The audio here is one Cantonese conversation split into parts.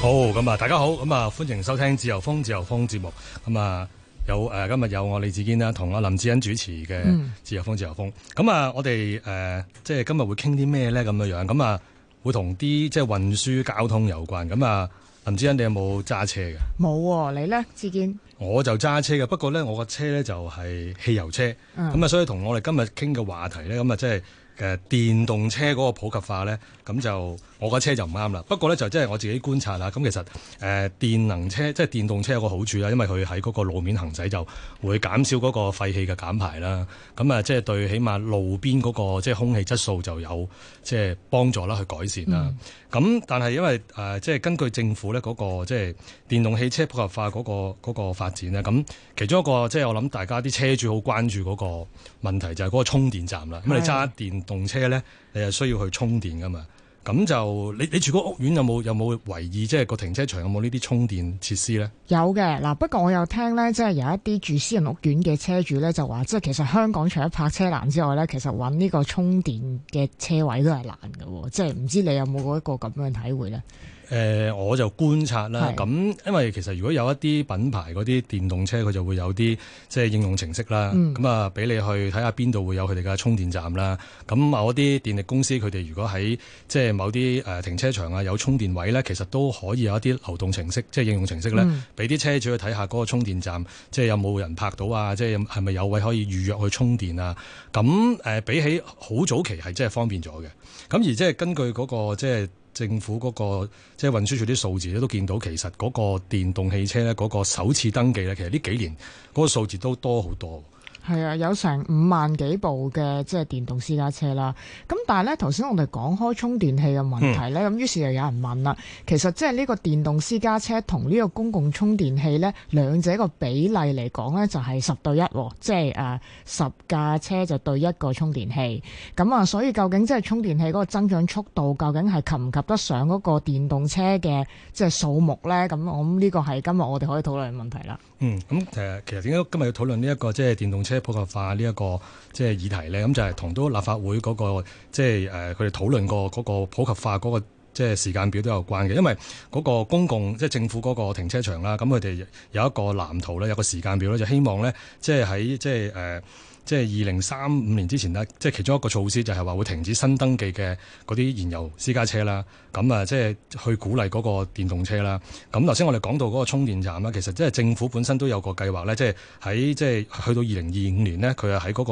好咁啊！大家好，咁啊歡迎收聽自由風《自由風自由風》節目。咁啊有誒今日有我李志堅啦，同阿林志恩主持嘅、嗯《自由風自由風》。咁、呃、啊，我哋誒即係今日會傾啲咩咧？咁樣樣咁啊，會同啲即係運輸交通有關。咁啊，林志恩你有冇揸車㗎？冇、啊，你咧志堅？我就揸車嘅，不過咧我個車咧就係汽油車，咁、嗯、啊所以同我哋今日傾嘅話題咧，咁啊即係誒電動車嗰個普及化咧，咁就。我個車就唔啱啦。不過呢，就真、是、係我自己觀察啦。咁其實誒、呃、電能車即係電動車有個好處啦，因為佢喺嗰個路面行駛就會減少嗰個廢氣嘅減排啦。咁啊，即係對起碼路邊嗰個即係空氣質素就有即係幫助啦，去改善啦。咁、嗯、但係因為誒、呃、即係根據政府呢嗰、那個即係電動汽車普及化嗰、那個嗰、那個、發展呢，咁其中一個即係我諗大家啲車主好關注嗰個問題就係、是、嗰個充電站啦。咁你揸電動車呢，你係需要去充電㗎嘛？咁就你你住個屋苑有冇有冇為意？即係個停車場有冇呢啲充電設施呢？有嘅，嗱，不過我有聽呢，即係有一啲住私人屋苑嘅車主呢，就話即係其實香港除咗泊車難之外呢，其實揾呢個充電嘅車位都係難嘅，即係唔知道你有冇嗰一個咁樣體會咧？誒、呃、我就觀察啦，咁因為其實如果有一啲品牌嗰啲電動車，佢就會有啲即係應用程式啦。咁、嗯、啊，俾你去睇下邊度會有佢哋嘅充電站啦。咁某一啲電力公司佢哋如果喺即係某啲誒停車場啊有充電位咧，其實都可以有一啲流動程式，即係應用程式咧，俾、嗯、啲車主去睇下嗰個充電站，即係有冇人泊到啊？即係係咪有位可以預約去充電啊？咁、呃、比起好早期係真係方便咗嘅。咁而即係根據嗰、那個即係。政府嗰個即係運輸署啲數字咧，都見到其實嗰個電動汽車咧，嗰個首次登記咧，其實呢幾年嗰個數字都多好多。係啊，有成五萬幾部嘅即係電動私家車啦。咁但係呢，頭先我哋講開充電器嘅問題呢，咁、嗯、於是就有人問啦。其實即係呢個電動私家車同呢個公共充電器呢，兩者個比例嚟講呢，就係十對一，即係誒十架車就對一個充電器。咁啊，所以究竟即係充電器嗰個增長速度，究竟係及唔及得上嗰個電動車嘅即係數目呢？咁我諗呢個係今日我哋可以討論嘅問題啦。嗯，咁誒，其實點解今日要討論呢一個即係電動車普及化呢一個即係議題咧？咁就係同都立法會嗰個即係誒，佢哋討論過嗰個普及化嗰個即係時間表都有關嘅，因為嗰個公共即係、就是、政府嗰個停車場啦，咁佢哋有一個藍圖咧，有個時間表咧，就希望咧，即係喺即係誒。呃即係二零三五年之前呢，即係其中一個措施就係話會停止新登記嘅嗰啲燃油私家車啦。咁啊，即係去鼓勵嗰個電動車啦。咁頭先我哋講到嗰個充電站啦，其實即係政府本身都有個計劃呢。即係喺即係去到二零二五年呢，佢係喺嗰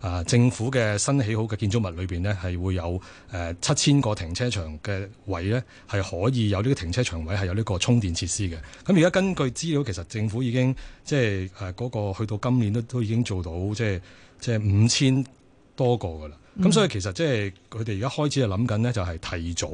個政府嘅新起好嘅建築物裏邊呢，係會有誒七千個停車場嘅位呢，係可以有呢個停車場位係有呢個充電設施嘅。咁而家根據資料，其實政府已經即係誒嗰個去到今年都都已經做到即係。即係五千多個㗎啦，咁、嗯、所以其實即係佢哋而家開始想就諗緊呢，就係提早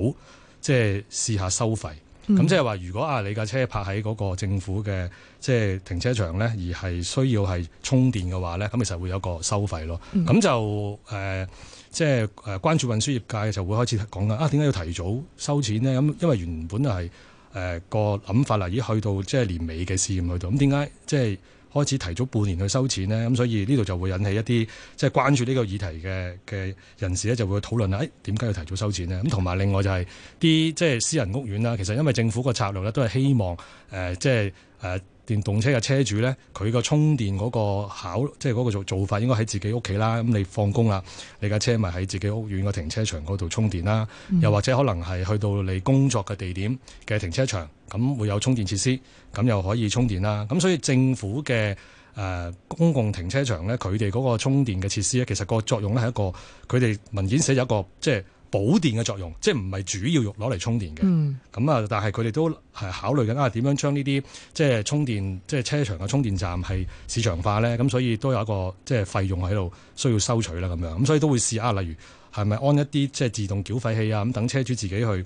即係試下收費。咁即係話，如果啊你架車泊喺嗰個政府嘅即係停車場呢，而係需要係充電嘅話呢，咁其實會有個收費咯。咁、嗯、就誒即係誒關注運輸業界就會開始講緊啦。啊，點解要提早收錢呢？咁因為原本就係誒個諗法啦，已經去到即係年尾嘅試驗去到，咁點解即係？就是開始提早半年去收錢呢，咁所以呢度就會引起一啲即係關注呢個議題嘅嘅人士咧，就會討論啦。誒點解要提早收錢呢？咁同埋另外就係啲即係私人屋苑啦。其實因為政府個策略咧，都係希望誒即係誒。呃呃電動車嘅車主呢，佢個充電嗰個考，即係嗰個做做法，應該喺自，自己屋企啦。咁你放工啦，你架車咪喺自己屋苑個停車場嗰度充電啦。又或者可能係去到你工作嘅地點嘅停車場，咁會有充電設施，咁又可以充電啦。咁所以政府嘅誒公共停車場呢，佢哋嗰個充電嘅設施呢，其實個作用呢係一個，佢哋文件寫咗一個，即係，保電嘅作用，即係唔係主要用攞嚟充電嘅。咁、嗯、啊，但係佢哋都係考慮緊啊，點樣將呢啲即係充電，即係車場嘅充電站係市場化咧，咁所以都有一個即係費用喺度需要收取啦，咁樣咁所以都會試啊。例如係咪安一啲即係自動繳費器啊？咁等車主自己去，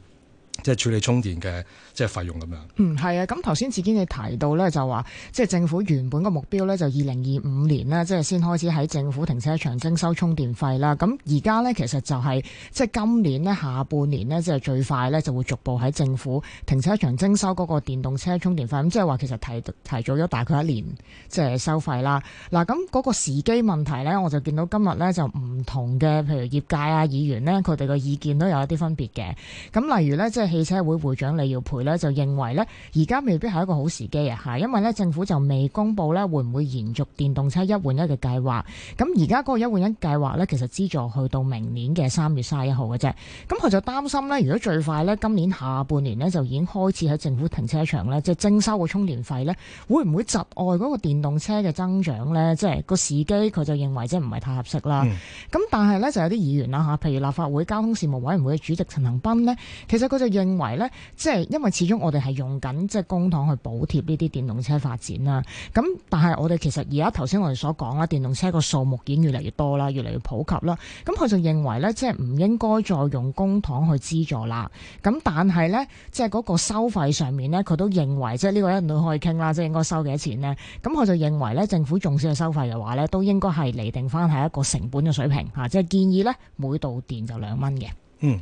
即係處理充電嘅即係費用咁樣。嗯，係啊，咁頭先自己你提到咧，就話即係政府原本個目標咧，就二零二五年呢，即係先開始喺政府停車場徵收充電費啦。咁而家咧，其實就係即係今年呢，下半年呢，即係最快咧就會逐步喺政府停車場徵收嗰個電動車充電費。咁即係話其實提提早咗大概一年即係收費啦。嗱，咁嗰個時機問題咧，我就見到今日咧就唔同嘅，譬如業界啊、議員呢，佢哋個意見都有一啲分別嘅。咁例如咧，即汽車會會長李耀培咧就認為咧，而家未必係一個好時機啊，吓，因為咧政府就未公布咧會唔會延續電動車一換一嘅計劃。咁而家嗰個一換一計劃咧，其實資助去到明年嘅三月卅一號嘅啫。咁佢就擔心咧，如果最快咧今年下半年咧就已經開始喺政府停車場咧即係徵收個充電費咧，會唔會窒礙嗰個電動車嘅增長咧？即係個時機，佢就認為即係唔係太合適啦。咁、嗯、但係咧就有啲議員啦吓，譬如立法會交通事務委員會嘅主席陳恒鑌呢，其實佢就。認為呢，即係因為始終我哋係用緊即係公帑去補貼呢啲電動車發展啦。咁但係我哋其實而家頭先我哋所講啦，電動車個數目已經越嚟越多啦，越嚟越普及啦。咁佢就認為呢，即係唔應該再用公帑去資助啦。咁但係呢，即係嗰個收費上面呢，佢都認為即係呢個一路可以傾啦，即係應該收幾多錢呢。咁佢就認為呢，政府重視嘅收費嘅話呢，都應該係釐定翻係一個成本嘅水平吓，即係建議呢，每度電就兩蚊嘅。嗯。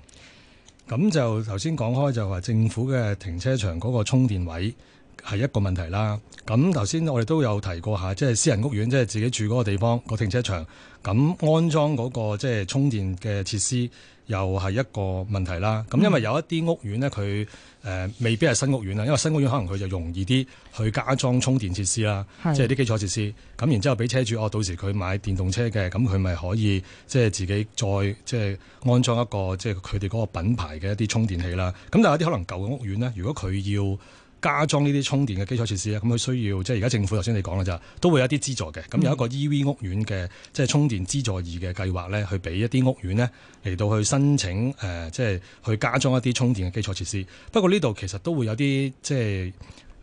咁就頭先講開就話政府嘅停車場嗰個充電位係一個問題啦。咁頭先我哋都有提過下，即係私人屋苑，即係自己住嗰個地方個停車場，咁安裝嗰個即係充電嘅設施。又係一個問題啦。咁因為有一啲屋苑呢，佢誒未必係新屋苑呀。因為新屋苑可能佢就容易啲去加裝充電設施啦，即係啲基礎設施。咁然之後俾車主，哦，到時佢買電動車嘅，咁佢咪可以即係自己再即係安裝一個即係佢哋嗰個品牌嘅一啲充電器啦。咁但係有啲可能舊嘅屋苑呢，如果佢要。加裝呢啲充電嘅基礎設施咧，咁佢需要即係而家政府頭先你講啦，就都會有一啲資助嘅。咁有一個 E.V. 屋苑嘅即係充電易資助嘅計劃咧，去俾一啲屋苑咧嚟到去申請、呃、即係去加裝一啲充電嘅基礎設施。不過呢度其實都會有啲即係誒、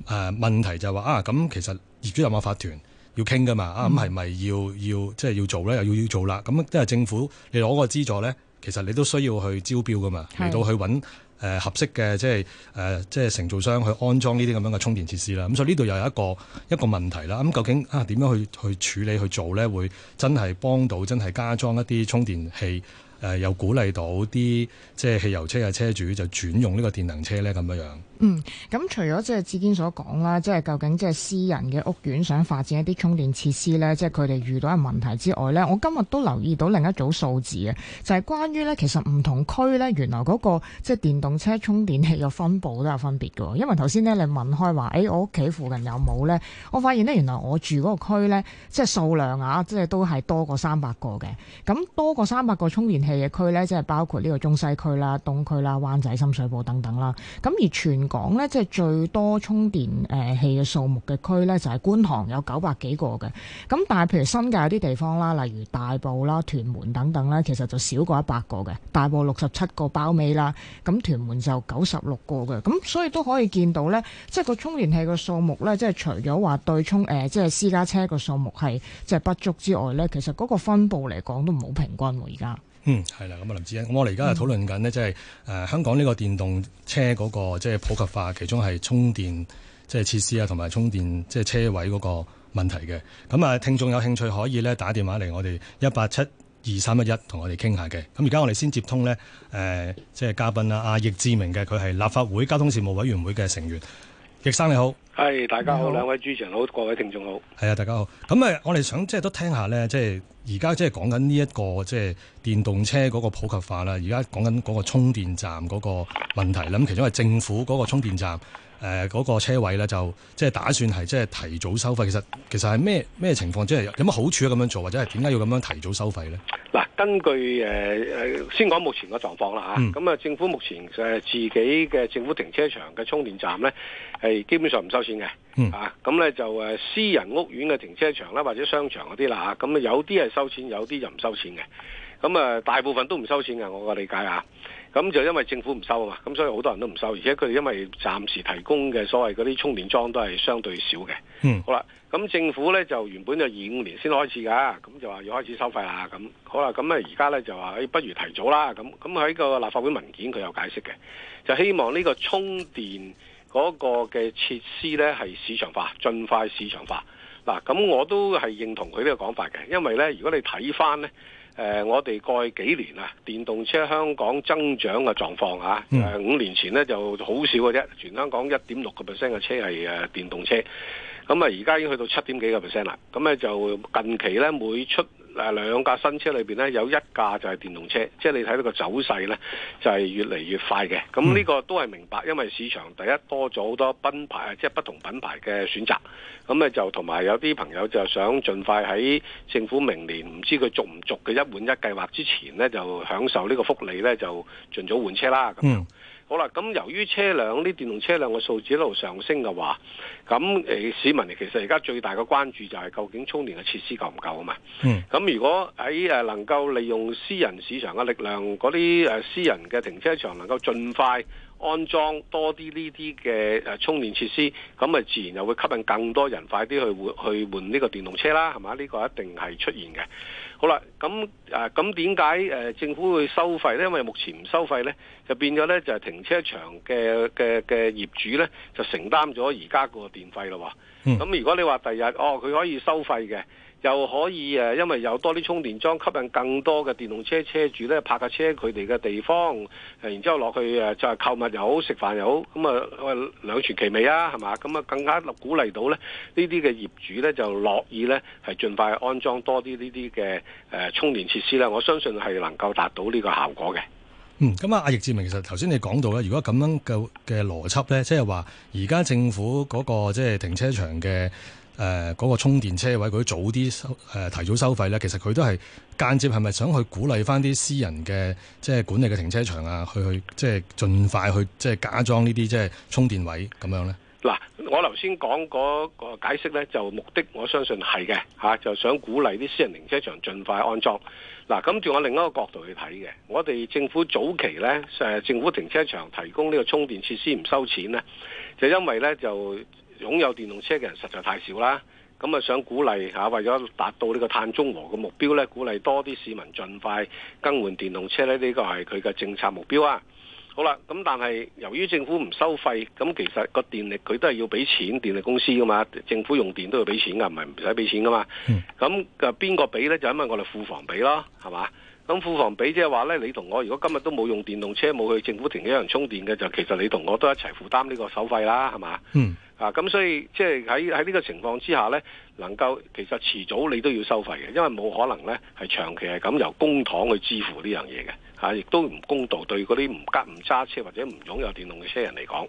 呃、問題就係、是、話啊，咁其實業主有冇法團要傾噶嘛？嗯、啊咁係咪要要即係、就是、要做咧？又要要做啦？咁即係政府你攞個資助咧，其實你都需要去招標噶嘛，嚟到去揾。誒合適嘅即係誒即係承造商去安裝呢啲咁樣嘅充電設施啦，咁所以呢度又有一個一個問題啦。咁究竟啊點樣去去處理去做咧，會真係幫到真係加裝一啲充電器，誒、呃、又鼓勵到啲即係汽油車嘅車主就轉用呢個電能車咧咁樣樣。嗯，咁、嗯嗯嗯、除咗即係志堅所講啦，即係究竟即係私人嘅屋苑想發展一啲充電設施咧，即係佢哋遇到嘅問題之外咧，我今日都留意到另一組數字啊，就係、是、關於咧，其實唔同區咧，原來嗰、那個即係電動車充電器嘅分佈都有分別嘅。因為頭先咧你問開話，誒、哎、我屋企附近有冇咧？我發現咧，原來我住嗰個區咧，即係數量啊，即係都係多過三百個嘅。咁多過三百個充電器嘅區咧，即係包括呢個中西區啦、東區啦、灣仔深水埗等等啦。咁而全講咧，即係最多充電誒器嘅數目嘅區咧，就係觀塘有九百幾個嘅。咁但係譬如新界啲地方啦，例如大埔啦、屯門等等咧，其實就少過一百個嘅。大埔六十七個包尾啦，咁屯門就九十六個嘅。咁所以都可以見到咧，即係個充電器嘅數目咧、呃，即係除咗話對充誒，即係私家車個數目係即係不足之外咧，其實嗰個分佈嚟講都唔好平均而家。嗯，係啦，咁啊林子欣，我哋而家係討論緊呢，即係誒香港呢個電動車嗰個即係普及化，其中係充電即係設施啊，同埋充電即係車位嗰個問題嘅。咁啊，聽眾有興趣可以咧打電話嚟我哋一八七二三一一，同我哋傾下嘅。咁而家我哋先接通咧，誒即係嘉賓啦，阿、啊、易志明嘅，佢係立法會交通事務委員會嘅成員。易生你好。係，大家好，兩位主持人好，各位聽眾好，係啊，大家好。咁誒，我哋想即係都聽下呢，即係而家即係講緊呢一個即係電動車嗰個普及化啦。而家講緊嗰個充電站嗰個問題啦。咁其中係政府嗰個充電站。誒、呃、嗰、那個車位咧，就即係打算係即係提早收費。其實其實係咩咩情況？即係有乜好處啊？咁樣做或者係點解要咁樣提早收費咧？嗱，根據誒、呃、先講目前嘅狀況啦吓，咁、嗯、啊，政府目前誒、呃、自己嘅政府停車場嘅充電站咧，係基本上唔收錢嘅。咁、嗯、咧、啊、就私人屋苑嘅停車場啦，或者商場嗰啲啦，咁啊有啲係收錢，有啲就唔收錢嘅。咁啊，大部分都唔收錢嘅，我嘅理解啊。咁就因為政府唔收啊嘛，咁所以好多人都唔收，而且佢哋因為暫時提供嘅所謂嗰啲充電樁都係相對少嘅。嗯，好啦，咁政府呢就原本就二五年先開始㗎，咁就話要開始收費啦。咁好啦，咁啊而家呢就話誒不如提早啦。咁咁喺個立法會文件佢有解釋嘅，就希望呢個充電嗰個嘅設施呢係市場化，盡快市場化。嗱，咁我都係認同佢呢個講法嘅，因為呢，如果你睇翻呢。誒、呃，我哋過去幾年啊，電動車香港增長嘅狀況啊，誒、嗯、五年前咧就好少嘅啫，全香港一點六個 percent 嘅車係誒電動車，咁啊而家已經去到七點幾個 percent 啦，咁咧、嗯、就近期咧每出誒兩架新車裏邊咧，有一架就係電動車，即係你睇到個走勢咧，就係越嚟越快嘅。咁呢個都係明白，因為市場第一多咗好多品牌，即係不同品牌嘅選擇。咁誒就同埋有啲朋友就想盡快喺政府明年唔知佢續唔續嘅一換一計劃之前咧，就享受呢個福利咧，就儘早換車啦。嗯。好啦，咁由於車輛呢電動車輛嘅數字一路上升嘅話，咁、呃、市民其實而家最大嘅關注就係究竟充電嘅設施夠唔夠啊嘛？嗯，咁如果喺、呃、能夠利用私人市場嘅力量，嗰啲、呃、私人嘅停車場能夠盡快安裝多啲呢啲嘅充電設施，咁啊自然又會吸引更多人快啲去換去換呢個電動車啦，係咪？呢個一定係出現嘅。好啦，咁啊，咁點解誒政府會收費咧？因為目前唔收費咧，就變咗咧，就係停車場嘅嘅嘅業主咧，就承擔咗而家個電費咯。喎。咁如果你話第日哦佢可以收費嘅。又可以誒，因為有多啲充電樁，吸引更多嘅電動車車主咧，泊架車佢哋嘅地方，然之後落去誒，就係購物又好，食飯又好，咁啊，兩全其美啊，係嘛？咁啊，更加鼓勵到咧呢啲嘅業主咧，就樂意咧係盡快安裝多啲呢啲嘅誒充電設施咧，我相信係能夠達到呢個效果嘅。嗯，咁、嗯嗯、啊，阿易志明，其實頭先你講到咧，如果咁樣嘅嘅邏輯咧，即係話而家政府嗰個即係停車場嘅。誒、呃、嗰、那個充電車位，佢早啲收、呃、提早收費咧，其實佢都係間接係咪想去鼓勵返啲私人嘅即係管理嘅停車場啊，去去即係盡快去即係加裝呢啲即係充電位咁樣咧？嗱，我頭先講嗰個解釋咧，就目的我相信係嘅、啊、就想鼓勵啲私人停車場盡快安裝。嗱、啊，咁轉我另一個角度去睇嘅，我哋政府早期咧、啊、政府停車場提供呢個充電設施唔收錢咧，就因為咧就。擁有電動車嘅人實在太少啦，咁啊想鼓勵嚇、啊，為咗達到呢個碳中和嘅目標咧，鼓勵多啲市民盡快更換電動車咧，呢、呢個係佢嘅政策目標啊。好啦，咁但係由於政府唔收費，咁其實個電力佢都係要俾錢電力公司噶嘛，政府用電都要俾錢㗎，唔係唔使俾錢㗎嘛。咁邊邊個俾呢？就因為我哋庫房俾咯，係嘛？咁庫房俾即係話呢，你同我如果今日都冇用電動車，冇去政府停車場充電嘅，就其實你同我都一齊負擔呢個收費啦，係嘛？嗯。啊，咁所以即係喺喺呢個情況之下呢，能夠其實遲早你都要收費嘅，因為冇可能呢係長期係咁由公帑去支付呢樣嘢嘅，啊、亦都唔公道，對嗰啲唔急唔揸車或者唔擁有電動嘅車人嚟講。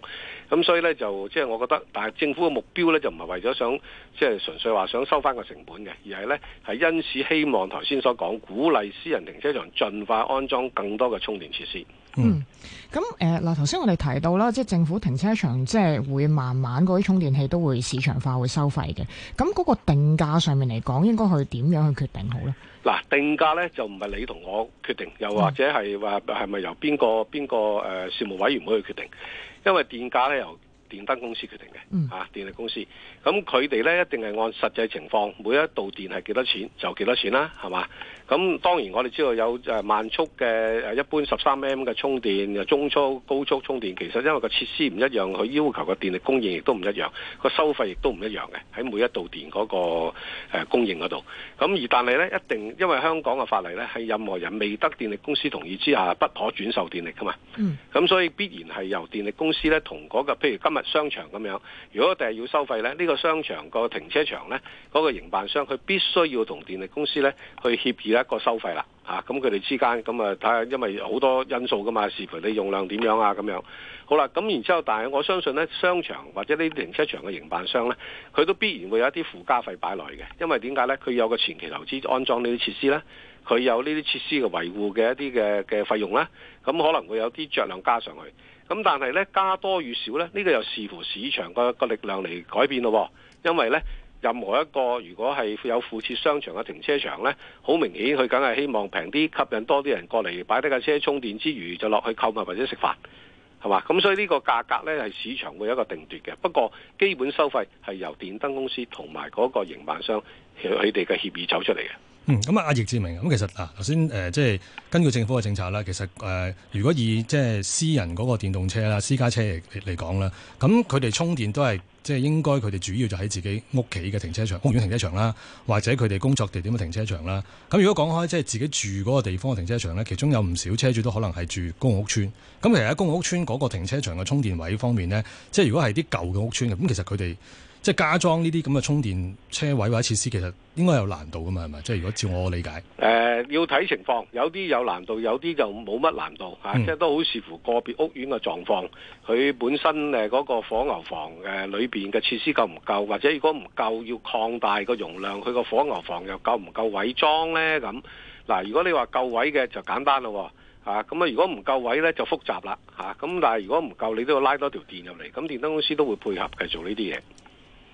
咁所以呢，就即係我覺得，但係政府嘅目標呢，就唔係為咗想即係純粹話想收翻個成本嘅，而係呢係因此希望頭先所講鼓勵私人停車場盡快安裝更多嘅充電設施。嗯，咁誒，嗱、呃，頭先我哋提到啦，即係政府停車場即係會慢慢嗰啲充電器都會市場化，會收費嘅。咁嗰個定價上面嚟講應該去點樣去決定好咧？嗱，定價咧就唔係你同我決定，又或者係話係咪由邊個邊個誒事務委員會去決定？因為電價咧由電燈公司決定嘅，啊電力公司，咁佢哋呢，一定係按實際情況，每一度電係幾多錢就幾多錢啦，係嘛？咁當然我哋知道有誒慢速嘅一般十三 M 嘅充電，又中速、高速充電，其實因為個設施唔一樣，佢要求嘅電力供應亦都唔一樣，個收費亦都唔一樣嘅，喺每一度電嗰個供應嗰度。咁而但係呢，一定因為香港嘅法例呢，係任何人未得電力公司同意之下，不可轉售電力噶嘛。咁、嗯、所以必然係由電力公司呢，同嗰、嗰個譬如今日。商場咁樣，如果第日要收費呢，呢、這個商場個停車場呢，嗰、那個營辦商佢必須要同電力公司呢去協議一個收費啦，啊，咁佢哋之間咁啊，睇下，因為好多因素噶嘛，視乎你用量點樣啊，咁樣。好啦，咁然之後，但係我相信呢，商場或者呢啲停車場嘅營辦商呢，佢都必然會有一啲附加費擺落嚟嘅。因為點解呢？佢有個前期投資安裝呢啲設施呢，佢有設呢啲設施嘅維護嘅一啲嘅嘅費用啦，咁可能會有啲酌量加上去。咁但係咧加多與少咧，呢個又視乎市場個力量嚟改變咯。因為咧，任何一個如果係有附設商場嘅停車場咧，好明顯佢梗係希望平啲吸引多啲人過嚟擺低架車充電之餘，就落去購物或者食飯，係嘛？咁所以呢個價格咧係市場會有一個定奪嘅。不過基本收費係由電燈公司同埋嗰個營辦商佢佢哋嘅協議走出嚟嘅。咁、嗯、啊，阿易志明，咁其實嗱，頭、啊、先、呃、即係根據政府嘅政策啦，其實誒、呃，如果以即係私人嗰個電動車啦、私家車嚟嚟講啦，咁佢哋充電都係即係應該佢哋主要就喺自己屋企嘅停車場、屋苑停車場啦，或者佢哋工作地點嘅停車場啦。咁如果講開即係自己住嗰個地方嘅停車場咧，其中有唔少車主都可能係住公屋村。咁其實喺公屋村嗰個停車場嘅充電位方面咧，即係如果係啲舊嘅屋村嘅，咁其實佢哋。即係加裝呢啲咁嘅充電車位或者設施，其實應該有難度噶嘛，係咪？即係如果照我理解，誒、呃，要睇情況，有啲有難度，有啲就冇乜難度吓、啊嗯，即係都好視乎個別屋苑嘅狀況。佢本身誒嗰、呃那個火牛房誒、呃、裏邊嘅設施夠唔夠，或者如果唔夠要擴大個容量，佢個火牛房又夠唔夠位裝咧？咁嗱，如果你話夠位嘅就簡單咯，吓咁啊！如果唔夠位咧就複雜啦，吓、啊、咁。但係如果唔夠，你都要拉多條電入嚟，咁電燈公司都會配合嘅做呢啲嘢。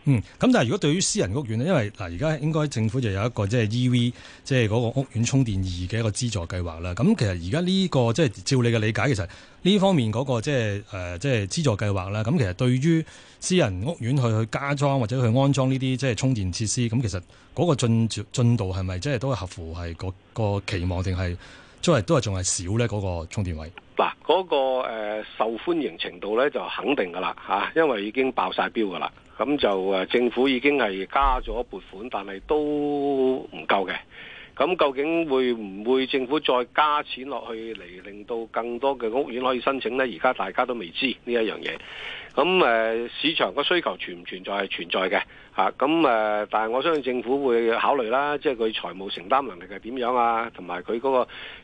嗯，咁但係如果對於私人屋苑呢，因為嗱，而家應該政府就有一個即係 EV 即係嗰個屋苑充電易嘅一個資助計劃啦。咁其實而家呢個即係、就是、照你嘅理解，其實呢方面嗰個即係誒即係資助計劃啦，咁其實對於私人屋苑去去加裝或者去安裝呢啲即係充電設施，咁其實嗰個進、進度係咪即係都合乎係個期望，定係、就是、都係都係仲係少咧嗰、那個充電位？嗱、那個，嗰、呃、個受歡迎程度咧就肯定噶啦、啊、因為已經爆晒標噶啦。咁就誒政府已經係加咗撥款，但係都唔夠嘅。咁究竟會唔會政府再加錢落去嚟，令到更多嘅屋苑可以申請呢？而家大家都未知呢一樣嘢。咁誒、啊、市場個需求存唔存在，係存在嘅嚇，咁、啊、誒、啊，但係我相信政府會考慮啦，即係佢財務承擔能力係點樣啊，同埋佢嗰個、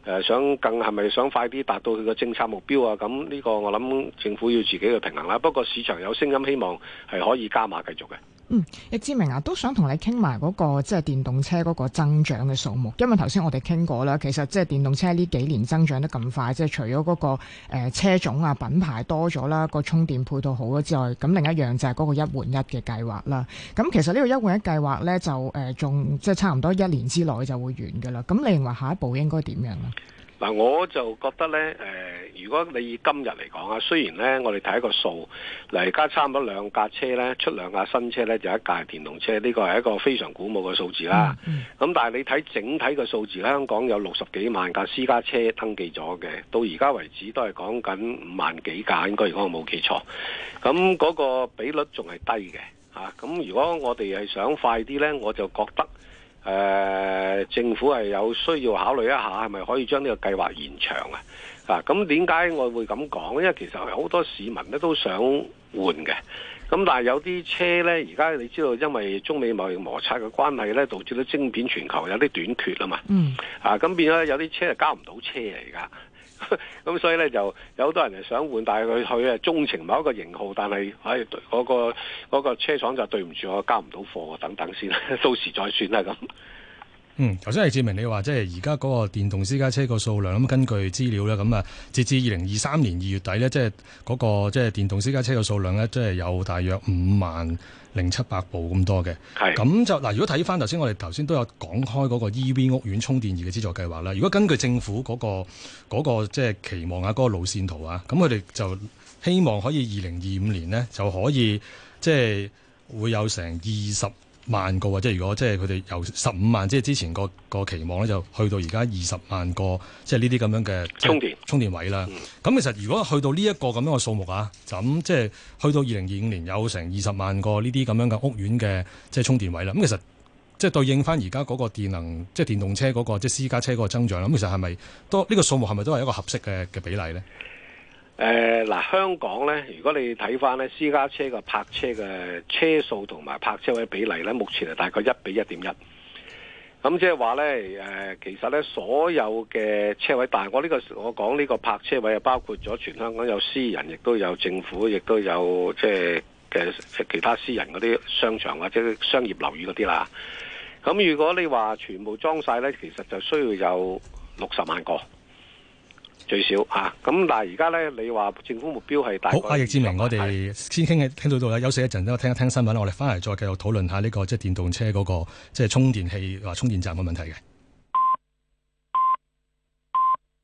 啊、想更係咪想快啲達到佢個政策目標啊？咁呢個我諗政府要自己去平衡啦。不過市場有聲音希望係可以加碼繼續嘅。嗯，易志明啊，都想同你傾埋嗰個即係電動車嗰個增長嘅數目，因為頭先我哋傾過啦，其實即係電動車呢幾年增長得咁快，即係除咗嗰個誒車種啊品牌、多咗啦，個充電配套好咗之外，咁另一樣就係嗰個一換一嘅計劃啦。咁其實呢個一換一計劃呢，就誒仲即係差唔多一年之內就會完㗎啦。咁你認為下一步應該點樣咧？嗱，我就覺得呢。誒、呃。如果你以今日嚟講啊，雖然呢，我哋睇一個數，嗱而家差唔多兩架車呢，出兩架新車呢，就一架電動車，呢、這個係一個非常鼓舞嘅數字啦。咁、嗯嗯嗯、但係你睇整體嘅數字，呢，香港有六十幾萬架私家車登記咗嘅，到而家為止都係講緊五萬幾架，應該、嗯那個啊嗯、如果我冇記錯。咁嗰個比率仲係低嘅嚇。咁如果我哋係想快啲呢，我就覺得誒、呃、政府係有需要考慮一下，係咪可以將呢個計劃延長啊？啊，咁點解我會咁講？因為其實好多市民咧都想換嘅，咁但係有啲車咧，而家你知道，因為中美貿易摩擦嘅關係咧，導致到晶片全球有啲短缺啊嘛。嗯。啊，咁變咗有啲車係交唔到車啊，而家。咁所以咧就有好多人係想換，但係佢佢係鍾情某一個型號，但係喺嗰個車廠就對唔住，我交唔到貨，等等先，到時再算啦咁。呵呵嗯，頭先係志明你話，即係而家嗰個電動私家車個數量，咁根據資料咧，咁啊，截至二零二三年二月底咧，即係嗰、那個即係電動私家車嘅數量咧，即係有大約五萬零七百部咁多嘅。係。咁就嗱，如果睇返頭先，我哋頭先都有講開嗰個 EV 屋苑充電易嘅資助計劃啦。如果根據政府嗰、那個嗰、那個即係、就是、期望啊，嗰、那個路線圖啊，咁佢哋就希望可以二零二五年呢，就可以，即係會有成二十萬個或者如果即係佢哋由十五萬，即係之前個個期望咧，就去到而家二十萬個，即係呢啲咁樣嘅充電、就是、充電位啦。咁、嗯、其實如果去到呢一個咁樣嘅數目啊，咁即係去到二零二五年有成二十萬個呢啲咁樣嘅屋苑嘅即係充電位啦。咁其實即係對應翻而家嗰個電能，即、就、係、是、電動車嗰、嗰個即係、就是、私家車嗰個增長啦。咁其實係咪都呢、這個數目係咪都係一個合適嘅嘅比例咧？誒、呃，嗱，香港咧，如果你睇翻咧私家車個泊車嘅車數同埋泊車位比例咧，目前係大概一比一點一。咁即係話咧，誒，其實咧所有嘅車位，但係我呢個我講呢個泊車位啊，包括咗全香港有私人，亦都有政府，亦都有即係嘅其他私人嗰啲商場或者商業樓宇嗰啲啦。咁如果你話全部裝晒咧，其實就需要有六十萬個。最少嚇，咁，啊、但係而家咧，你話政府目標係大概。好，阿易志明，我哋先傾係傾到到啦，休息一陣之後聽一聽新聞啦，我哋翻嚟再繼續討論下呢、這個即係、就是、電動車嗰、那個即係、就是、充電器或充電站嘅問題嘅。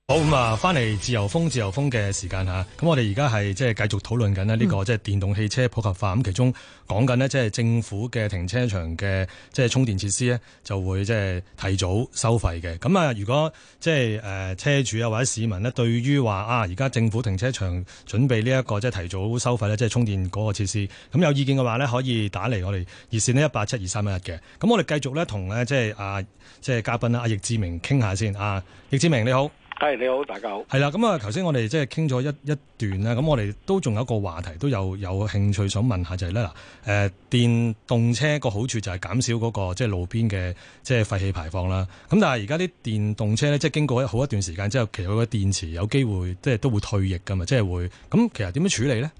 好咁啊！翻嚟自由風，自由風嘅時間吓。咁我哋而家係即係繼續討論緊呢，呢個即係、嗯、電動汽車普及化。咁其中講緊呢，即係政府嘅停車場嘅即係充電設施咧，就會即係提早收費嘅。咁啊，如果即係誒車主啊或者市民呢，對於話啊而家政府停車場準備呢一個即係提早收費咧，即係充電嗰個設施，咁有意見嘅話呢，可以打嚟我哋熱線呢，一八七二三一嘅。咁我哋繼續咧同咧即係啊即係嘉賓啊，易志明傾下先。啊。易志明你好。誒，你好，大家好。係啦，咁啊，頭先我哋即係傾咗一一段啦，咁我哋都仲有一個話題，都有有興趣想問下，就係咧，誒，電動車個好處就係減少嗰個即係路邊嘅即係廢氣排放啦。咁但係而家啲電動車咧，即係經過好一段時間之後，其實佢個電池有機會即係都會退役噶嘛，即係會。咁其實點樣處理咧？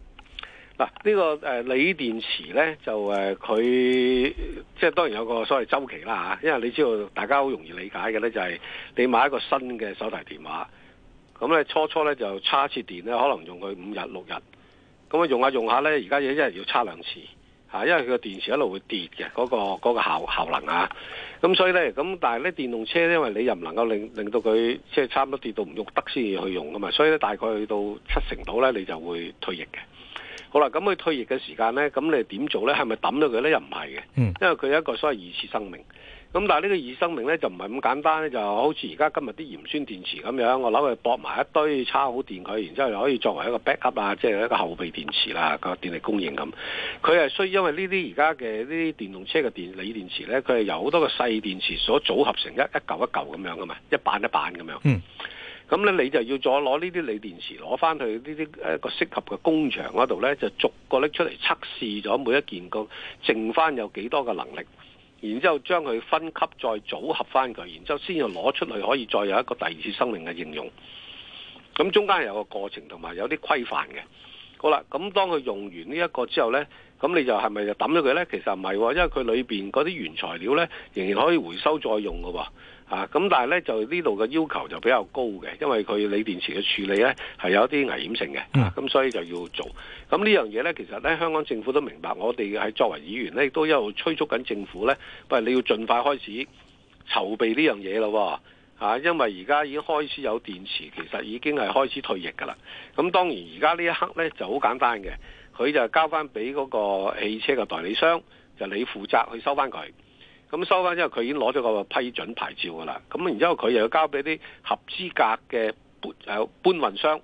嗱、這個，呢個誒鋰電池咧就誒佢、呃、即係當然有個所謂周期啦吓，因為你知道大家好容易理解嘅咧，就係、是、你買一個新嘅手提電話咁咧、嗯，初初咧就差一次電咧，可能用佢五日六日咁、嗯、啊，用下用下咧，而家一日要差兩次吓，因為佢個電池一路會跌嘅嗰、那個那個效效能啊。咁、嗯、所以咧，咁、嗯、但係咧，電動車因為你又唔能夠令令到佢即係差唔多跌到唔喐得先至去用噶嘛，所以咧，大概去到七成到咧，你就會退役嘅。好啦，咁佢退役嘅時間呢，咁你點做呢？係咪抌咗佢呢？又唔係嘅，因為佢有一個所謂二次生命。咁但係呢個二次生命呢，就唔係咁簡單呢就好似而家今日啲鹽酸電池咁樣，我諗佢駁埋一堆，插好電佢，然之後又可以作為一個 backup 啊，即係一個後備電池啦，個電力供應咁。佢係需要因為呢啲而家嘅呢啲電動車嘅電鋰電池呢，佢係由好多個細電池所組合成一一嚿一嚿咁樣嘅嘛，一板一板咁樣。嗯咁咧，你就要再攞呢啲鋰電池，攞翻去呢啲一個適合嘅工場嗰度咧，就逐個拎出嚟測試咗每一件個剩翻有幾多嘅能力，然之後將佢分級再組合翻佢，然之後先至攞出去可以再有一個第二次生命嘅應用。咁中間有個過程同埋有啲規範嘅。好啦，咁當佢用完呢一個之後咧，咁你就係咪就抌咗佢咧？其實唔係，因為佢裏邊嗰啲原材料咧仍然可以回收再用噶。啊，咁但係咧就呢度嘅要求就比較高嘅，因為佢鋰電池嘅處理咧係有啲危險性嘅，咁、啊、所以就要做。咁、啊、呢樣嘢咧，其實咧香港政府都明白，我哋係作為議員咧，亦都一路催促緊政府咧，喂、哎，你要盡快開始籌備呢樣嘢咯，嚇、啊！因為而家已經開始有電池，其實已經係開始退役㗎啦。咁、啊、當然而家呢一刻咧就好簡單嘅，佢就交翻俾嗰個汽車嘅代理商，就你負責去收翻佢。咁收翻之後，佢已經攞咗個批准牌照㗎啦。咁然之後，佢又要交俾啲合資格嘅搬運商，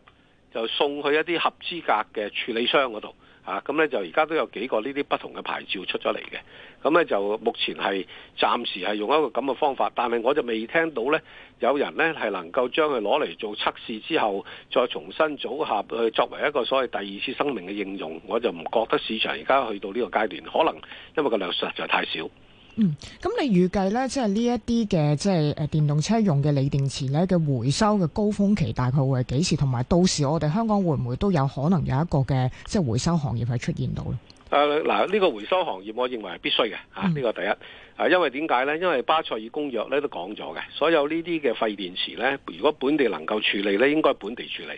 就送去一啲合資格嘅處理商嗰度啊。咁咧就而家都有幾個呢啲不同嘅牌照出咗嚟嘅。咁咧就目前係暫時係用一個咁嘅方法，但係我就未聽到咧有人咧係能夠將佢攞嚟做測試之後，再重新組合去作為一個所謂第二次生命嘅應用。我就唔覺得市場而家去到呢個階段，可能因為個量實在太少。嗯，咁你預計呢，即係呢一啲嘅，即係誒電動車用嘅鋰電池呢嘅回收嘅高峰期，大概會係幾時？同埋到時我哋香港會唔會都有可能有一個嘅，即係回收行業去出現到呢？誒，嗱、啊，呢、呢個回收行業，我認為係必須嘅吓。呢個第一啊，因為點解呢？因為巴塞爾公約咧都講咗嘅，所有呢啲嘅廢電池呢，如果本地能夠處理呢，應該本地處理；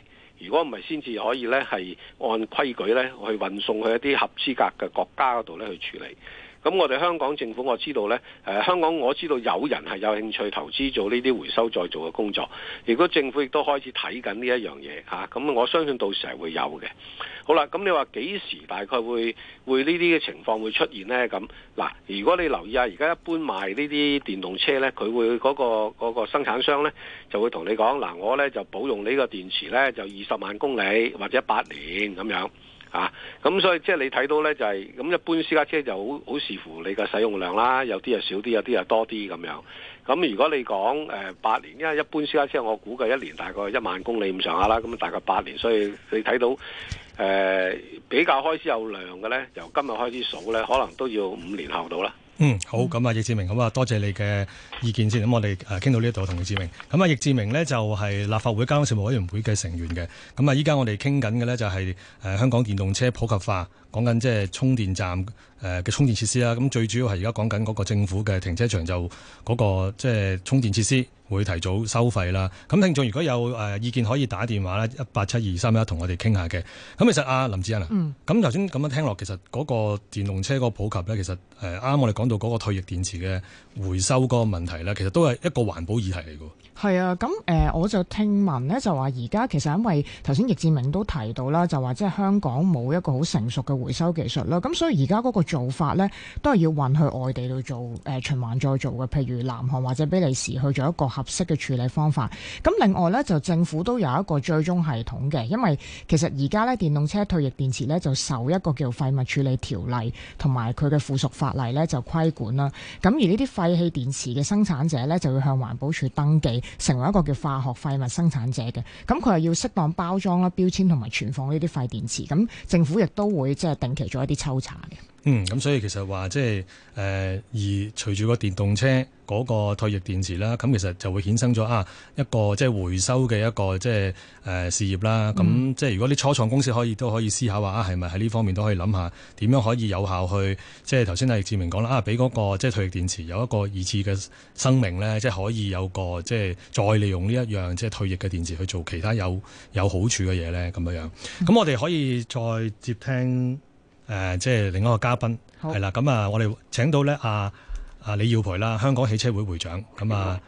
如果唔係，先至可以呢，係按規矩呢去運送去一啲合資格嘅國家嗰度呢去處理。咁我哋香港政府我知道呢，呃、香港我知道有人係有興趣投資做呢啲回收再做嘅工作。如果政府亦都開始睇緊呢一樣嘢吓，咁我相信到時係會有嘅。好啦，咁你話幾時大概會會呢啲嘅情況會出現呢？咁嗱，如果你留意下，而家一般賣呢啲電動車呢，佢會嗰個嗰個生產商呢就會同你講，嗱，我呢就保用呢個電池呢，就二十萬公里或者八年咁樣。啊，咁所以即係、就是、你睇到咧就係、是、咁一般私家車就好好視乎你嘅使用量啦，有啲又少啲，有啲又多啲咁樣。咁如果你講誒八年，因為一般私家車我估計一年大概一萬公里咁上下啦，咁大概八年，所以你睇到誒、呃、比較開始有量嘅咧，由今日開始數咧，可能都要五年後到啦。嗯，好，咁啊，易志明，咁啊，多謝你嘅意見先，咁我哋誒傾到呢度，同易志明，咁啊，易志明呢，就係、是、立法會交通事務委員會嘅成員嘅，咁啊、就是，依家我哋傾緊嘅呢，就係誒香港電動車普及化，講緊即係充電站。誒嘅充電設施啦，咁最主要係而家講緊嗰個政府嘅停車場就嗰個即係充電設施會提早收費啦。咁聽眾如果有誒意見，可以打電話咧一八七二三一同我哋傾下嘅。咁其實阿林志恩啊，咁頭先咁樣聽落，其實嗰、嗯、個電動車個普及咧，其實誒啱我哋講到嗰個退役電池嘅回收個問題咧，其實都係一個環保議題嚟㗎。係啊，咁、呃、我就聽聞咧就話而家其實因為頭先易志明都提到啦，就話即係香港冇一個好成熟嘅回收技術啦，咁所以而家嗰做法咧都係要運去外地度做誒、呃、循環再造嘅，譬如南韓或者比利時去做一個合適嘅處理方法。咁另外咧就政府都有一個追蹤系統嘅，因為其實而家咧電動車退役電池咧就受一個叫廢物處理條例同埋佢嘅附屬法例咧就規管啦。咁而呢啲廢棄電池嘅生產者咧就會向環保署登記，成為一個叫化學廢物生產者嘅。咁佢係要適當包裝啦、標籤同埋存放呢啲廢電池。咁政府亦都會即係定期做一啲抽查嘅。嗯，咁所以其實話即係誒，而隨住個電動車嗰個退役電池啦，咁其實就會衍生咗啊一個即係回收嘅一個即係、呃、事業啦。咁即係如果啲初創公司可以都可以思考話啊，係咪喺呢方面都可以諗下點樣可以有效去即係頭先阿易志明講啦啊，俾嗰、那個即係退役電池有一個二次嘅生命咧，即係可以有個即係再利用呢一樣即係退役嘅電池去做其他有有好處嘅嘢咧咁樣樣。咁、嗯、我哋可以再接聽。誒、呃，即係另一個嘉賓係啦，咁、嗯、啊，我哋請到咧啊阿李耀培啦，香港汽車會會長，咁、嗯、啊，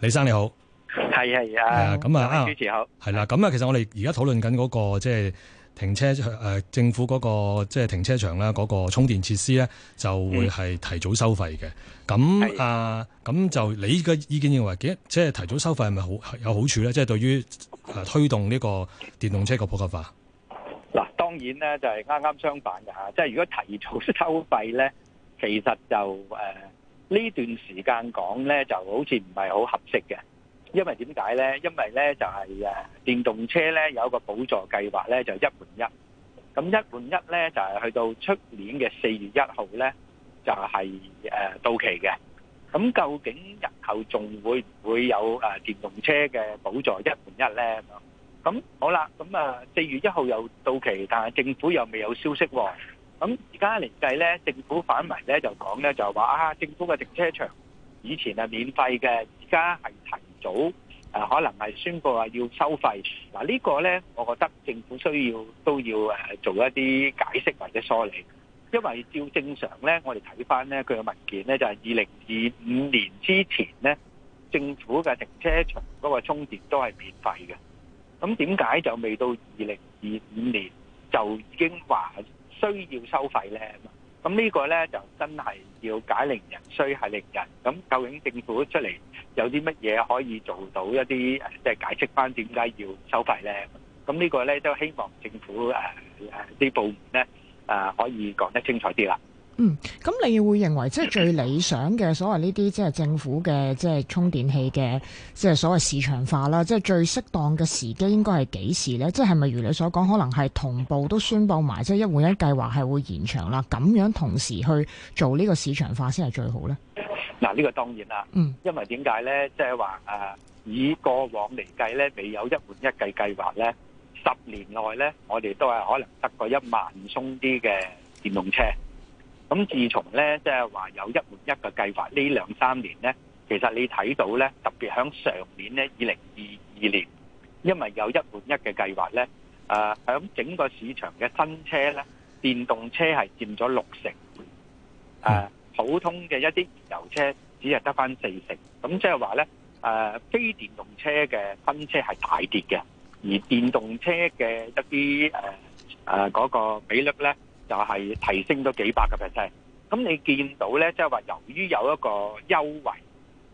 李生你好，係係啊，咁啊咁啊，主持好，係啦，咁啊，其實我哋而家討論緊嗰個即係停車誒、呃，政府嗰、那個即係停車場啦，嗰個充電設施咧，就會係提早收費嘅，咁、嗯嗯、啊，咁就你嘅意見認為幾，即係提早收費係咪好有好處咧？即係對於、啊、推動呢個電動車嘅普及化？當然咧就係啱啱相反嘅嚇。即、就、係、是、如果提早收費咧，其實就誒呢、呃、段時間講咧就好似唔係好合適嘅，因為點解咧？因為咧就係誒電動車咧有一個補助計劃咧就是一換一，咁一換一咧就係、是、去到出年嘅四月一號咧就係、是、誒到期嘅，咁究竟日後仲會唔會有誒電動車嘅補助一換一咧？咁好啦，咁啊四月一號又到期，但係政府又未有消息喎、哦。咁而家嚟計呢，政府反問呢就講呢，就話啊，政府嘅停車場以前係免費嘅，而家係提早誒可能係宣布話要收費。嗱呢個呢，我覺得政府需要都要誒做一啲解釋或者梳理，因為照正常呢，我哋睇翻呢，佢嘅文件呢，就係二零二五年之前呢，政府嘅停車場嗰個充電都係免費嘅。咁點解就未到二零二五年就已經話需要收費呢？咁呢個呢，就真係要解令人需係令人咁，究竟政府出嚟有啲乜嘢可以做到一啲即係解釋返點解要收費呢？咁呢個呢，都希望政府誒誒啲部門呢，誒可以講得清楚啲啦。嗯，咁你會認為即係最理想嘅所謂呢啲即係政府嘅即係充電器嘅即係所謂市場化啦，即係最適當嘅時機應該係幾時呢？即係咪如你所講，可能係同步都宣布埋即係一換一計劃係會延長啦，咁樣同時去做呢個市場化先係最好呢？嗱，呢個當然啦，嗯，因為點解呢？即係話誒，以過往嚟計呢，未有一換一計計劃呢，十年內呢，我哋都係可能得過一萬宗啲嘅電動車。咁自從咧，即係話有一換一嘅計劃，呢兩三年咧，其實你睇到咧，特別響上年咧，二零二二年，因為有一換一嘅計劃咧，誒響整個市場嘅新車咧，電動車係佔咗六成，誒普通嘅一啲燃油車只係得翻四成，咁即係話咧，誒非電動車嘅新車係大跌嘅，而電動車嘅一啲誒誒嗰個比率咧，就係、是、提升咗幾百個 percent，咁你見到呢，即係話由於有一個優惠，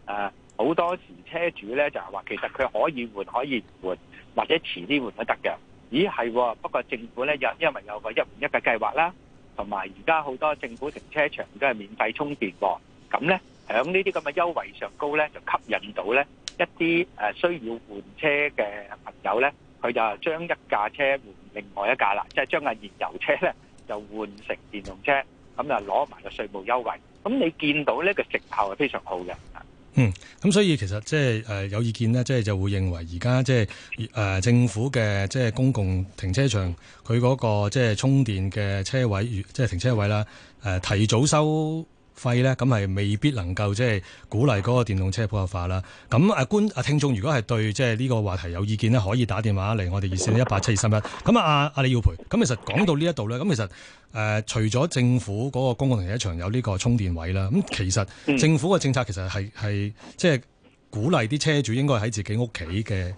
誒好多時車主呢就係話其實佢可以換可以唔換，或者遲啲換都得嘅。咦係，不過政府呢因因為有個一換一嘅計劃啦，同埋而家好多政府停車場都係免費充電、啊，咁呢，響呢啲咁嘅優惠上高呢，就吸引到呢一啲需要換車嘅朋友呢，佢就將一架車換另外一架啦，即係將個燃油車呢。就換成電動車，咁就攞埋個稅務優惠。咁你見到呢個直效係非常好嘅。嗯，咁所以其實即係誒有意見呢，即係就會認為而家即係誒政府嘅即係公共停車場，佢嗰個即係充電嘅車位，即係停車位啦，誒提早收費咧，咁係未必能夠即係、就是、鼓勵嗰個電動車普及化啦。咁啊，觀啊，聽眾如果係對即係呢個話題有意見呢，可以打電話嚟我哋熱線一八七二三一。咁啊，阿阿李耀培，咁其實講到呢一度咧，咁其實、呃、除咗政府嗰個公共停車場有呢個充電位啦，咁其實政府嘅政策其實係係即係鼓勵啲車主應該喺自己、呃、屋企嘅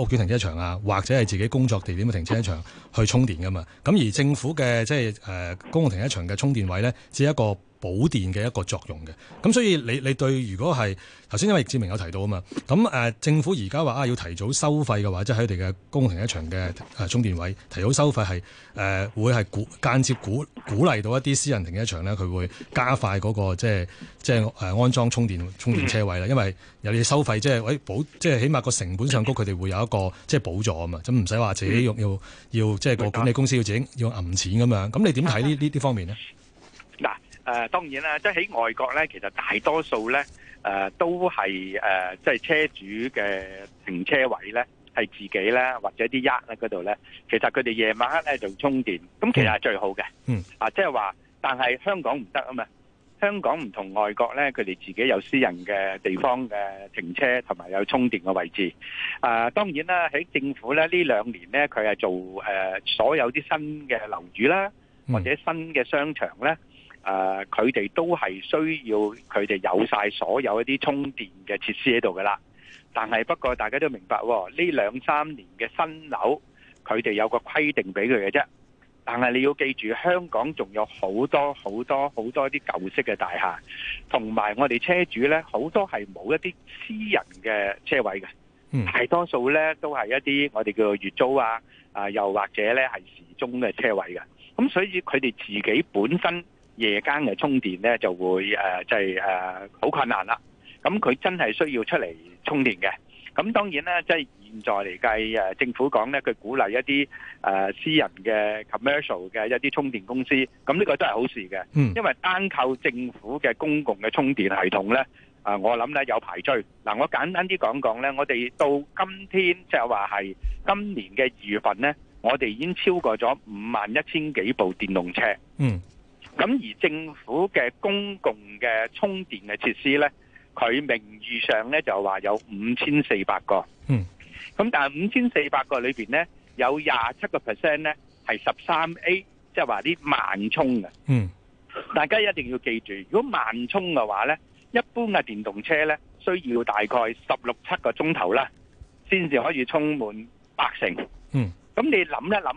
屋企停車場啊，或者係自己工作地點嘅停車場去充電噶嘛。咁而政府嘅即係公共停車場嘅充電位咧，只一個保電嘅一個作用嘅，咁所以你你對如果係頭先因為易志明有提到啊嘛，咁誒、呃、政府而家話啊要提早收費嘅話，即係佢哋嘅公營停車場嘅誒、呃、充電位提早收費係誒會係間、呃、接鼓鼓勵到一啲私人停車場咧，佢會加快嗰、那個即係即係誒、啊、安裝充電充電車位啦、嗯，因為有啲收費即係喂保，即係起碼個成本上高，佢哋會有一個即係補助啊嘛，咁唔使話自己要要要即係個管理公司要整要揞錢咁樣，咁你點睇呢呢啲方面咧？誒、呃、當然啦，即喺外國咧，其實大多數咧誒、呃、都係誒即係車主嘅停車位咧係自己咧，或者啲 yard 咧嗰度咧，其實佢哋夜晚黑咧做充電，咁其實係最好嘅。嗯啊，即係話，但係香港唔得啊嘛，香港唔同外國咧，佢哋自己有私人嘅地方嘅停車同埋有充電嘅位置。誒、呃、當然啦，喺政府咧呢兩年咧，佢係做誒、呃、所有啲新嘅樓宇啦，或者新嘅商場咧。誒、啊，佢哋都係需要佢哋有晒所有一啲充電嘅設施喺度噶啦，但係不過大家都明白呢、哦、兩三年嘅新樓，佢哋有個規定俾佢嘅啫。但係你要記住，香港仲有好多好多好多啲舊式嘅大廈，同埋我哋車主呢，好多係冇一啲私人嘅車位嘅，嗯，大多數呢都係一啲我哋叫做月租啊，啊又或者呢係時鐘嘅車位嘅。咁所以佢哋自己本身。夜間嘅充電咧就會誒即係誒好困難啦。咁、嗯、佢真係需要出嚟充電嘅。咁、嗯、當然咧，即、就、係、是、現在嚟計誒，政府講咧佢鼓勵一啲誒、呃、私人嘅 commercial 嘅一啲充電公司。咁、嗯、呢、這個都係好事嘅，因為單靠政府嘅公共嘅充電系統咧，啊、呃，我諗咧有排追。嗱、呃，我簡單啲講講咧，我哋到今天即係話係今年嘅二月份咧，我哋已經超過咗五萬一千幾部電動車。嗯。咁而政府嘅公共嘅充電嘅設施咧，佢名義上咧就話有五千四百個，嗯。咁但係五千四百個裏邊咧，有廿七個 percent 咧係十三 A，即係話啲慢充嘅。嗯。大家一定要記住，如果慢充嘅話咧，一般嘅電動車咧需要大概十六七個鐘頭啦，先至可以充滿百成。嗯。咁你諗一諗。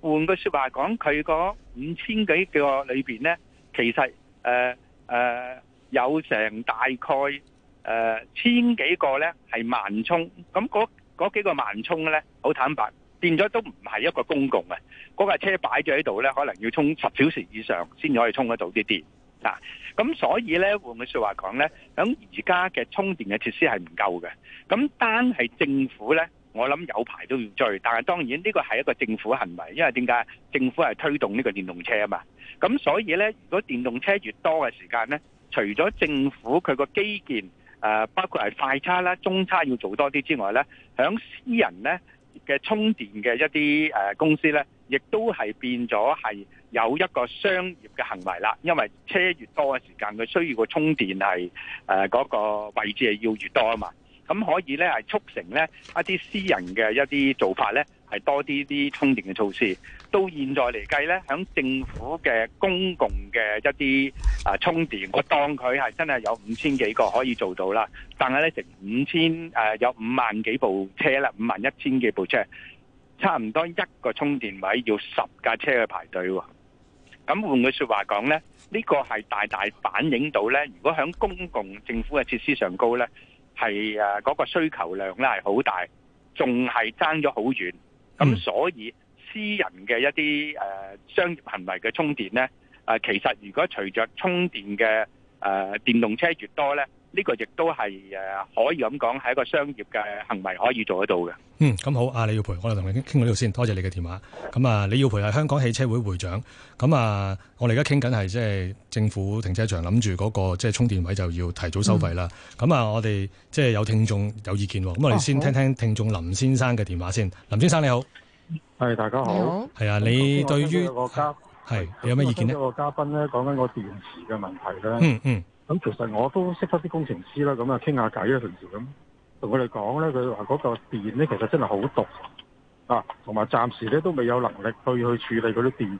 換句説話講，佢個五千幾個裏面呢，其實誒誒、呃呃、有成大概誒千、呃、幾個呢係慢充，咁嗰個幾個慢充呢，好坦白，變咗都唔係一個公共嘅，嗰架車擺咗喺度呢，可能要充十小時以上先至可以充得到啲電啊！咁所以呢，換句説話講呢，咁而家嘅充電嘅設施係唔夠嘅，咁單係政府呢。我諗有排都要追，但係當然呢個係一個政府行為，因為點解政府係推動呢個電動車啊嘛？咁所以呢，如果電動車越多嘅時間，呢除咗政府佢個基建誒，包括係快餐快叉啦、中叉要做多啲之外，呢響私人呢嘅充電嘅一啲公司呢，亦都係變咗係有一個商業嘅行為啦，因為車越多嘅時間，佢需要個充電係誒嗰個位置係要越多啊嘛。咁可以咧，係促成咧一啲私人嘅一啲做法咧，係多啲啲充電嘅措施。到現在嚟計咧，響政府嘅公共嘅一啲啊充電，我當佢係真係有五千幾個可以做到啦。但係咧，成五千誒有五萬幾部車啦，五萬一千幾部車，差唔多一個充電位要十架車去排隊。咁換句說話講咧，呢個係大大反映到咧，如果響公共政府嘅設施上高咧。係誒嗰個需求量咧係好大，仲係爭咗好遠，咁所以私人嘅一啲誒、啊、商業行為嘅充電咧，誒、啊、其實如果隨着充電嘅誒、啊、電動車越多咧。呢、這個亦都係誒，可以咁講，係一個商業嘅行為可以做得到嘅。嗯，咁好啊，李耀培，我哋同你傾到呢度先，多謝你嘅電話。咁啊，李耀培係香港汽車會會長。咁啊，我哋而家傾緊係即係政府停車場諗住嗰個即係充電位就要提早收費啦。咁、嗯、啊，我哋即係有聽眾有意見。咁我哋先聽聽聽眾林先生嘅電話先。啊、林先生你好，係大家好。係啊，你對於係、啊、有咩意見咧？呢個嘉賓咧，講緊個電池嘅問題咧。嗯嗯。咁其實我都識得啲工程師啦，咁啊傾下偈啊，平時咁同佢哋講咧，佢話嗰個電咧其實真係好毒啊，同埋暫時咧都未有能力去去處理嗰啲電，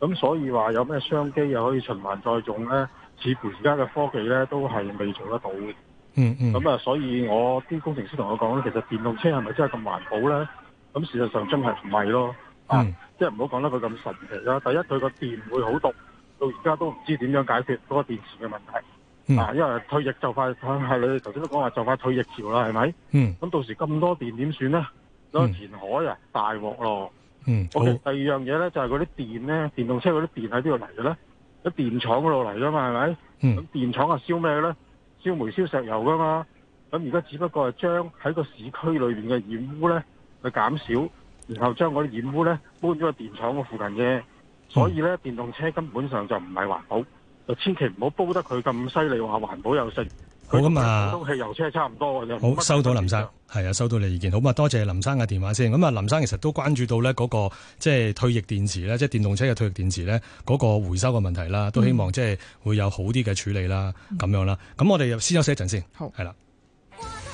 咁所以話有咩商機又可以循環再用咧，似乎而家嘅科技咧都係未做得到嘅。嗯嗯。咁啊，所以我啲工程師同我講咧，其實電動車係咪真係咁環保咧？咁事實上真係唔係咯，mm-hmm. 啊，即係唔好講得佢咁神奇啦。第一，佢個電會好毒。到而家都唔知點樣解決嗰個電池嘅問題，嗯，啊，因為退役就快響喺、啊、你頭先都講話就快退役潮啦，係咪？嗯，咁到時咁多電點算咧？嗰前海啊，大鑊咯。嗯，嗯 okay，好。第二樣嘢咧就係嗰啲電咧，電動車嗰啲電喺邊度嚟嘅咧？喺電廠嗰度嚟噶嘛，係咪？嗯，咁電廠啊燒咩咧？燒煤燒石油噶嘛。咁而家只不過係將喺個市區裏面嘅染污咧去減少，然後將嗰啲染污咧搬咗去電廠嘅附近啫。嗯、所以咧，電動車根本上就唔係環保，就千祈唔好煲得佢咁犀利話環保又剩。好咁啊！都汽油車差唔多嘅啫。好，收到林生，係啊，收到你意見。好嘛，多謝林生嘅電話先。咁啊，林生其實都關注到咧、那、嗰個即係、就是、退役電池咧,即、就、係、是、電動車嘅退役電池咧嗰個回收嘅問題啦、嗯，都希望即係會有好啲嘅處理啦，咁、嗯、樣啦。咁我哋又先休息一陣先。好，係啦。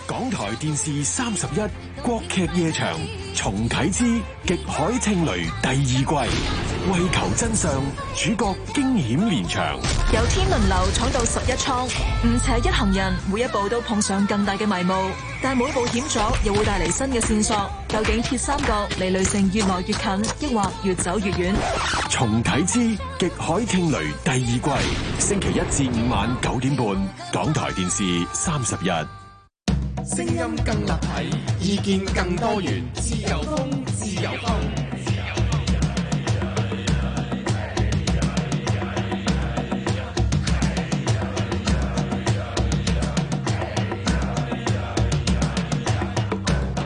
港台電視三十一國劇夜場重啟之極海聽雷第二季，為求真相，主角驚險連場。由天輪樓闖到十一倉，吳邪一行人每一步都碰上更大嘅迷霧，但每步險阻，又會帶嚟新嘅線索。究竟鐵三角離雷城越來越近，抑或越走越遠？重啟之極海聽雷第二季，星期一至五晚九點半，港台電視三十一。聲音更立體，意見更多元，自由風，自由風，自由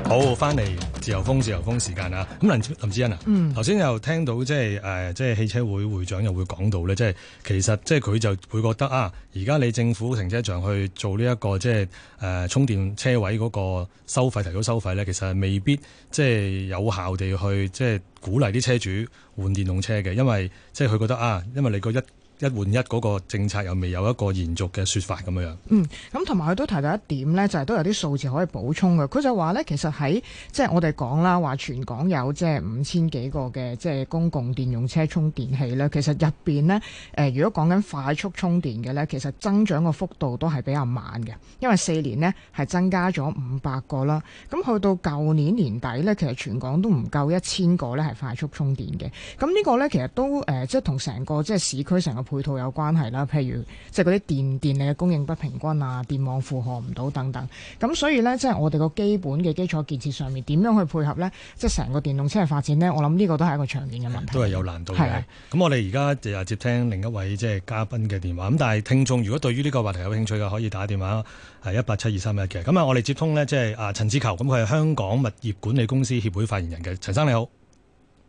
風。好，翻嚟。自由風，自由風時間啊！咁林林志恩啊，頭先又聽到即係誒，即係汽車會會長又會講到咧，即係其實即係佢就會覺得啊，而家你政府停車場去做呢一個即係誒充電車位，嗰個收費，提高收費咧，其實未必即係有效地去即係鼓勵啲車主換電動車嘅，因為即係佢覺得啊，因為你個一一換一嗰個政策又未有一個延續嘅說法咁樣。嗯，咁同埋佢都提到一點呢，就係都有啲數字可以補充嘅。佢就話呢，其實喺即係我哋講啦，話全港有即係五千幾個嘅即係公共電動車充電器呢。其實入面呢，呃、如果講緊快速充電嘅呢，其實增長嘅幅度都係比較慢嘅，因為四年呢係增加咗五百個啦。咁去到舊年年底呢，其實全港都唔夠一千個呢係快速充電嘅。咁呢個呢，其實都、呃、即係同成個即係市區成個。配套有關係啦，譬如即係嗰啲電電力嘅供應不平均啊，電網負荷唔到等等，咁所以呢，即係我哋個基本嘅基礎建設上面點樣去配合呢？即係成個電動車嘅發展呢，我諗呢個都係一個長遠嘅問題。都係有難度嘅。咁我哋而家就接聽另一位即係嘉賓嘅電話。咁但係聽眾如果對於呢個話題有興趣嘅，可以打電話係一八七二三一嘅。咁啊，我哋接通呢，即係阿陳志球，咁佢係香港物業管理公司協會發言人嘅。陳生你好。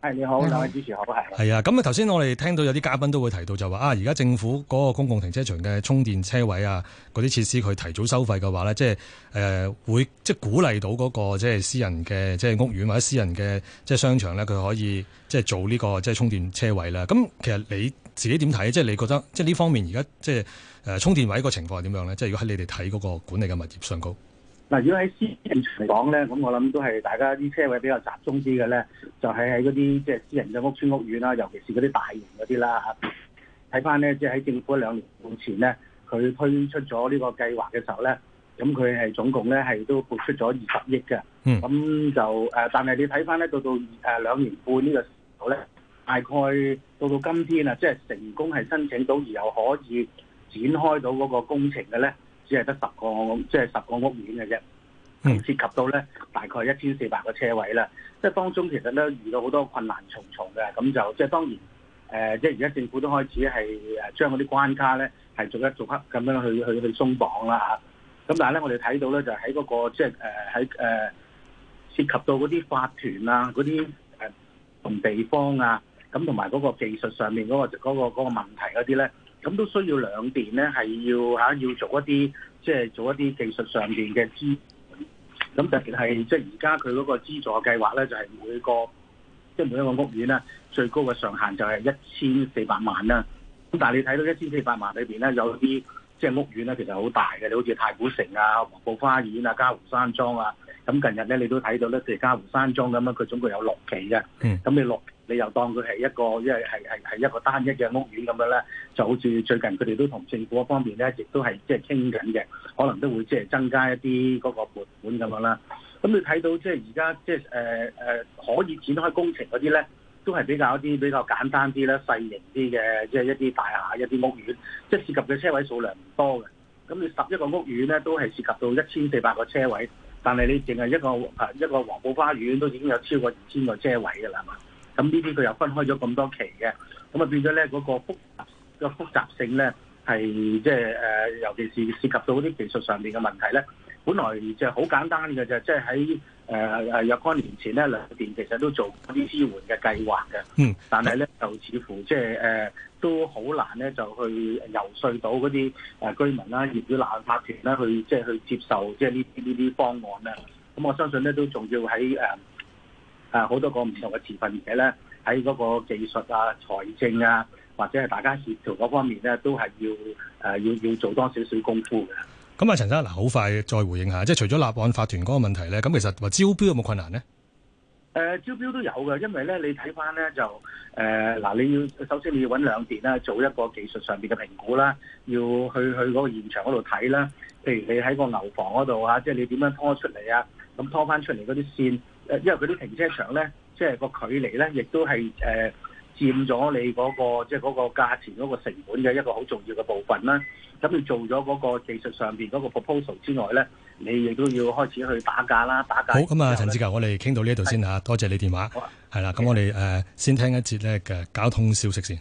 係你好，兩位主持好，係、嗯。啊，咁啊，頭先我哋聽到有啲嘉賓都會提到就話啊，而家政府嗰個公共停車場嘅充電車位啊，嗰啲設施佢提早收費嘅話咧，即係誒、呃、會即係鼓勵到嗰、那個即係私人嘅即係屋苑或者私人嘅即係商場咧，佢可以即係做呢、這個即係充電車位啦。咁其實你自己點睇？即係你覺得即係呢方面而家即係誒、呃、充電位個情況係點樣咧？即係如果喺你哋睇嗰個管理嘅物業上高。嗱，如果喺私人嚟講咧，咁我諗都係大家啲車位比較集中啲嘅咧，就係喺嗰啲即係私人嘅屋村屋苑啦，尤其是嗰啲大型嗰啲啦。睇翻咧，即係喺政府兩年半前咧，佢推出咗呢個計劃嘅時候咧，咁佢係總共咧係都撥出咗二十億嘅。嗯。咁就誒，但係你睇翻咧，到到誒兩年半呢個時候咧，大概到到今天啊，即係成功係申請到而又可以展開到嗰個工程嘅咧。只係得十個，即係十個屋苑嘅啫，嗯，涉及到咧大概一千四百個車位啦。即係當中其實咧遇到好多困難重重嘅，咁就即係當然誒、呃，即係而家政府都開始係誒將嗰啲關卡咧係逐一逐刻咁樣去去去鬆綁啦嚇。咁、啊、但係咧，我哋睇到咧就喺嗰、嗰個即係誒喺誒涉及到嗰啲法團啊、嗰啲誒同地方啊，咁同埋嗰個技術上面嗰、嗰個嗰、嗰個嗰、嗰個、問題嗰啲咧。咁都需要兩邊咧，係要嚇要做一啲，即係做一啲技術上面嘅資本。咁特別係即係而家佢嗰個資助計劃咧，就係、是、每個即係每一個屋苑咧，最高嘅上限就係一千四百萬啦。咁但係你睇到一千四百萬裏面咧，有啲即係屋苑咧，其實好大嘅，你好似太古城啊、黃埔花園啊、嘉湖山莊啊。咁近日咧，你都睇到咧，即係嘉湖山莊咁樣，佢總共有六期嘅。咁你六。你又當佢係一個，因係係係係一個單一嘅屋苑咁樣咧，就好似最近佢哋都同政府嗰方面咧，一直都係即係傾緊嘅，可能都會即係增加一啲嗰個撥款咁樣啦。咁你睇到即係而家即係誒誒可以展開工程嗰啲咧，都係比較一啲比較簡單啲咧、細型啲嘅，即係一啲大廈、一啲屋苑，即係涉及嘅車位數量唔多嘅。咁你十一個屋苑咧，都係涉及到一千四百個車位，但係你淨係一個誒一個黃埔花園都已經有超過二千個車位噶啦，係嘛？咁呢啲佢又分開咗咁多期嘅，咁啊變咗咧嗰個複嘅、嗰個、複雜性咧，係即係尤其是涉及到嗰啲技術上面嘅問題咧，本來就係好簡單嘅就是，即係喺誒誒若干年前咧兩邊其實都做啲支援嘅計劃嘅，嗯，但係咧就似乎即、就、係、是呃、都好難咧就去游說到嗰啲居民啦、業主立案法團啦去即係、就是、去接受即係呢啲呢啲方案咧。咁我相信咧都仲要喺啊，好多個唔同嘅持份者咧，喺嗰個技術啊、財政啊，或者係大家協調嗰方面咧，都係要誒要、呃、要做多少少功夫嘅。咁、嗯、啊，陳生嗱，好快再回應一下，即係除咗立案法團嗰個問題咧，咁其實話招標有冇困難呢？誒、呃，招標都有嘅，因為咧，你睇翻咧就誒嗱、呃，你要首先你要揾兩點啦揾兩邊，做一個技術上面嘅評估啦，要去去嗰個現場嗰度睇啦。譬如你喺個樓房嗰度啊，即係你點樣拖出嚟啊？咁拖翻出嚟嗰啲線。誒，因為佢啲停車場咧，即係個距離咧，那個，亦都係誒佔咗你嗰個即係嗰個價錢嗰個成本嘅一個好重要嘅部分啦。咁你做咗嗰個技術上邊嗰個 proposal 之外咧，你亦都要開始去打價啦，打價。好，咁啊，陳志球，我哋傾到呢度先嚇，多謝你電話。好啊，係啦，咁我哋誒先聽一節咧嘅交通消息先。